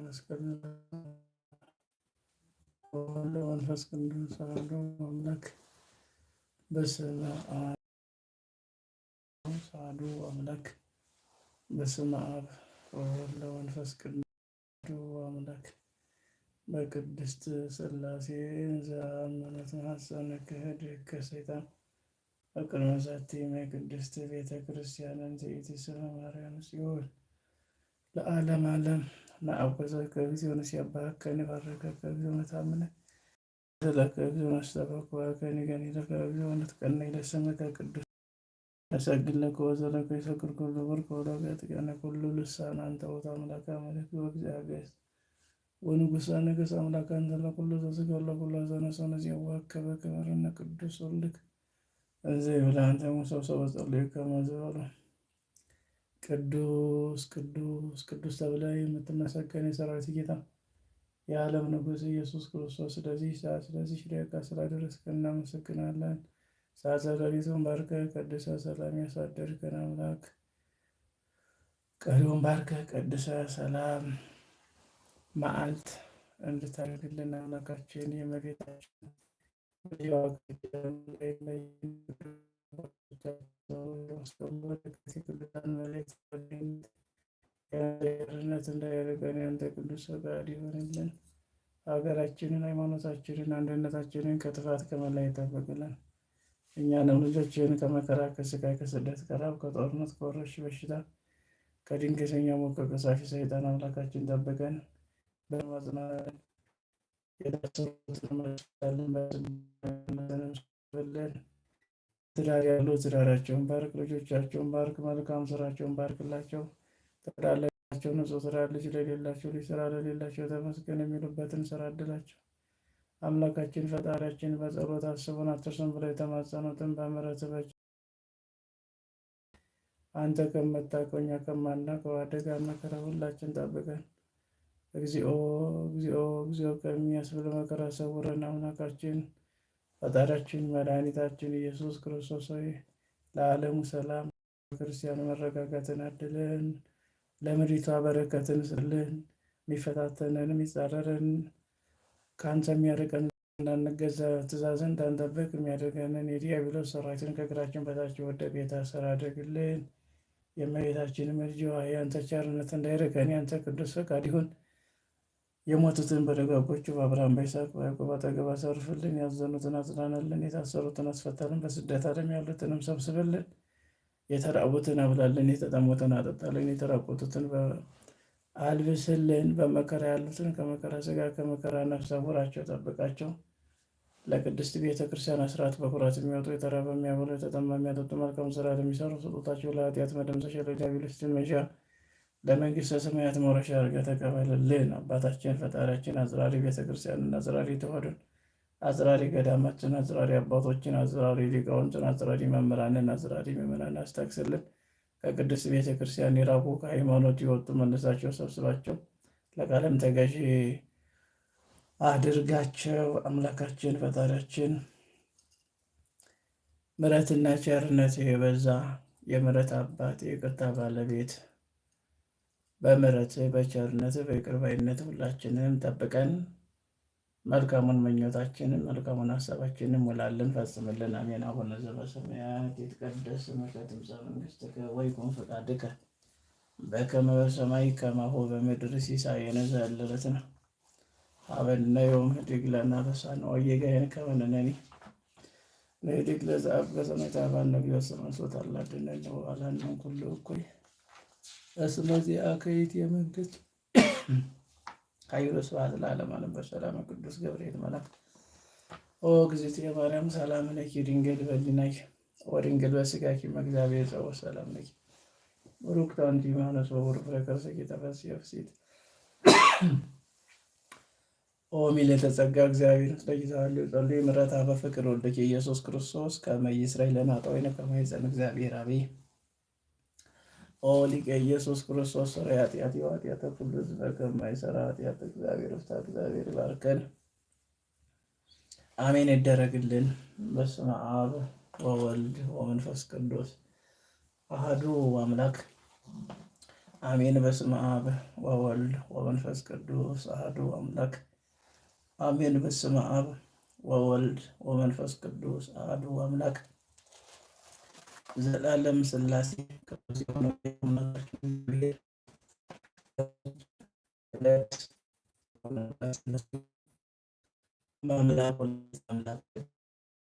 መንፈስ ቅዱስ አሐዱ አምላክ በስመ አብ አሐዱ አምላክ በስመ አብ ወወልድ ወመንፈስ ቅዱስ አምላክ በቅድስት ስላሴ ዘአመነት ሐሰነ ክህድ ከሰይጣን በቅድመ ዛቲም የቅድስት ቤተ ክርስቲያንን ትእቲ ስለ ማርያም ሲሆን ለዓለም ዓለም ናአቆዘ ከግዚኦነ ሲያባህ ባረከ ከግዚኦነ ታምነ ስለ ከግዚኦነ ስተበኩ ከኒ ገኒለ ይለሰመከ ቅዱስ ኩሉ ኩሉ ልሳን አንተ አምላክ አንተ ለኩሉ ለኩሉ ክብርነ ቅዱስ ወልድክ እዚ አንተ ሙሰብሰበ ቅዱስ ቅዱስ ቅዱስ ተብለ የምትመሰገን የሰራዊት ጌታ የዓለም ንጉሥ ኢየሱስ ክርስቶስ ስለዚህ ሰዓት ስለዚህ ደቂቃ ስላደረስከን እናመሰግናለን። ሰዓተ ሌሊቱን ባርከ ቅድሰ ሰላም ያሳደርከን አምላክ ቀሪውን ባርከ ቅድሰ ሰላም መዓልት እንድታደርግልን አምላካችን የመቤታችን ነት እንዳያደርገን ያንተ ቅዱስ ፈቃድ ይሆንልን። ሀገራችንን፣ ሃይማኖታችንን፣ አንድነታችንን ከጥፋት ከመላ ይጠብቅልን። እኛንም ልጆችን ከመከራ ከስቃይ፣ ከስደት፣ ከራብ፣ ከጦርነት፣ ከወረሽ በሽታ፣ ከድንገተኛ ሞት፣ ከቀሳፊ ሰይጣን አምላካችን ጠብቀን በማጽናን የደረሰትን መለን ትዳር ያሉ ትዳራቸውን ባርክ፣ ልጆቻቸውን ባርክ፣ መልካም ስራቸውን ባርክላቸው። ትዳር ለሌላቸው ንጹህ ስራ፣ ልጅ ለሌላቸው ልጅ ስራ ለሌላቸው ተመስገን የሚሉበትን ስራ እድላቸው። አምላካችን ፈጣሪያችን በጸሎት አስቡን አትርሱን ብለው የተማጸኑትን በምሕረት በጅ አንተ ከምታውቀው እኛ ከማናውቀው አደጋ መከራ ሁላችን ጠብቀን። እግዚኦ እግዚኦ እግዚኦ ከሚያስብል መከራ ሰውረን አምላካችን ፈጣሪያችን መድኃኒታችን ኢየሱስ ክርስቶስ ሆይ ለዓለሙ ሰላም ክርስቲያን መረጋጋትን አድለን፣ ለምድሪቷ በረከትን ስልን፣ የሚፈታተንን የሚጻረርን ከአንተ የሚያደርቀን እንዳንገዛ ትእዛዝን እንዳንጠብቅ የሚያደርገንን የዲያብሎስ ሰራዊትን ከእግራችን በታች ወደቅ ስራ አድርግልን። የእመቤታችን ምልጃዋ የአንተ ቸርነት እንዳይርቀን የአንተ ቅዱስ ፈቃድ ይሁን። የሞቱትን በደጋጎቹ በአብርሃም በይስሐቅ በያዕቆብ አጠገብ አሳርፍልን። ያዘኑትን አጽናናልን፣ የታሰሩትን አስፈታልን፣ በስደት ዓለም ያሉትንም ሰብስብልን። የተራቡትን አብላልን፣ የተጠሙትን አጠጣልን፣ የተራቆቱትን አልብስልን። በመከራ ያሉትን ከመከራ ስጋ ከመከራ ነፍስ ሰውራቸው፣ ጠብቃቸው። ለቅድስት ቤተ ክርስቲያን አስራት በኩራት የሚወጡ የተራበ የሚያበሉ የተጠማ የሚያጠጡ መልካም ስራ ለሚሰሩ ስጦታቸው ለኃጢአት መደምሰሻ ለዲያብሎስ መሻ ለመንግሥተ ሰማያት መውረሻ አድርገህ ተቀበልልን። አባታችን ፈጣሪያችን አዝራሪ ቤተክርስቲያንን፣ አዝራሪ ተዋሕዶን፣ አዝራሪ ገዳማችን፣ አዝራሪ አባቶችን፣ አዝራሪ ሊቃውንትን፣ አዝራሪ መምህራንን፣ አዝራሪ ምዕመናን አስታክስልን። ከቅድስት ቤተክርስቲያን የራቁ ከሃይማኖት የወጡ መነሳቸው ሰብስባቸው ለቃለም ተገዢ አድርጋቸው። አምላካችን ፈጣሪያችን ምሕረትና ቸርነት የበዛ የምሕረት አባት የቅርታ ባለቤት በምሕረትህ በቸርነት በይቅር ባይነትህ ሁላችንንም ጠብቀን መልካሙን ምኞታችንን መልካሙን ሀሳባችንን ሙላልን ፈጽምልን። አሜን። አቡነ ዘበሰማያት ይትቀደስ ስምከ ትምጻእ መንግሥትከ ወይኩን ፈቃድከ በከመ በሰማይ ከማሁ በምድር ሲሳየነ ዘለለዕለትነ ሀበነ ዮም ኅድግ ለነ አበሳነ ወጌጋየነ ከመ ንሕነኒ ንኅድግ ለዘአበ በሰማይ ታበአነ እግዚኦ ዘበሰማይ ስብሐት አላድነነ ወባልሐነ እምኩሉ እኩይ እስመ ዚአከይት የመንግስት ካይሮ ስብሐት ለዓለም ዓለም በሰላም ቅዱስ ገብርኤል መልአክ ኦ እግዝእትየ ማርያም ሰላም ለኪ ድንግል በሊናይ ወድንግል በስጋኪ መግዛቤ ጸው ሰላም ለኪ ቡሩክት አንቲ እምኅነቱ ወቡሩክ ፍሬ ከርሥኪ ፍሥሕት ኦ ሚለተ ጸጋ እግዚአብሔር ስለጊዛሉ ጸልዩ ምሕረታ በፍቅር ወልደኪ ኢየሱስ ክርስቶስ ከመ ይስረይ ለነ ኃጣውኢነ ከመ ይጸን እግዚአብሔር አብይ ኦ ሊቀ ኢየሱስ ክርስቶስ ስራ ኃጢአት የኃጢአተ ሁሉ ሕዝብ ከማይሰራ ኃጢአት እግዚአብሔር ፍታ እግዚአብሔር ባርከን አሜን ይደረግልን። በስመ አብ ወወልድ ወመንፈስ ቅዱስ አህዱ አምላክ አሜን። በስመ አብ ወወልድ ወመንፈስ ቅዱስ አህዱ አምላክ አሜን። በስመ አብ ወወልድ ወመንፈስ ቅዱስ አህዱ አምላክ ዘላለም ስላሴ ቅዱስ የሆነ አምላክ